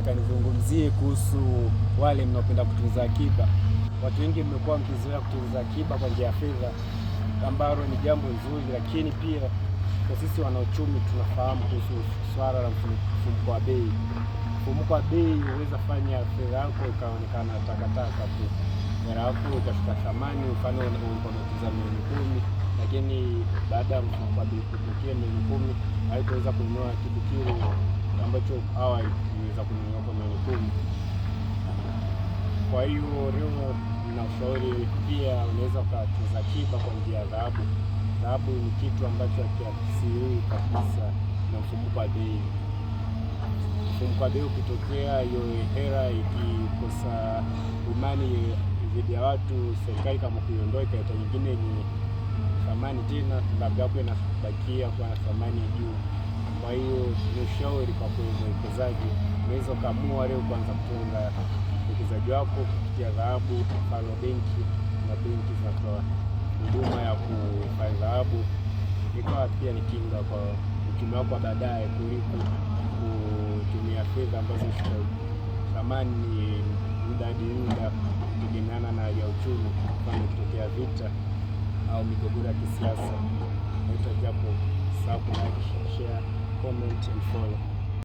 nataka nizungumzie kuhusu wale mnaopenda kutunza akiba. Watu wengi mmekuwa mkizoea kutunza akiba kwa njia ya fedha, ambalo ni jambo nzuri, lakini pia kwa sisi wanauchumi tunafahamu kuhusu swala la mfumuko wa bei. Mfumuko wa bei huweza fanya fedha yako ikaonekana takataka tu, fedha yako ikashuka thamani. Mfano, unatunza milioni kumi lakini baada ya mfumuko wa bei kutokea, milioni kumi haitaweza kununua kitu kile ambacho hawa iweza kununua kwa manikumi. Kwa hiyo leo na ushauri pia, unaweza ukatuza akiba kwa njia ya dhahabu. Dhahabu ni kitu ambacho hakiasiriwi kabisa na mfumuko wa bei. Mfumuko wa bei ukitokea, hiyo hera ikikosa imani dhidi ya watu, serikali kama kuiondoa ikaleta nyingine yenye thamani tena, dhahabu inabakia kwa thamani juu. Kwa hiyo nishauri kwa kweli mwekezaji, unaweza ukaamua leo kuanza kutunga uwekezaji wako kupitia dhahabu, mfano benki na benki zinatoa huduma ya kuhifadhi dhahabu, ikawa pia ni kinga kwa uchumi wako wa baadaye, kuliko kutumia fedha ambazo thamani ni muda hadi kutegemeana na ya uchumi, kama kutokea vita au migogoro ya kisiasa haitajapo sababu na share comment, and follow.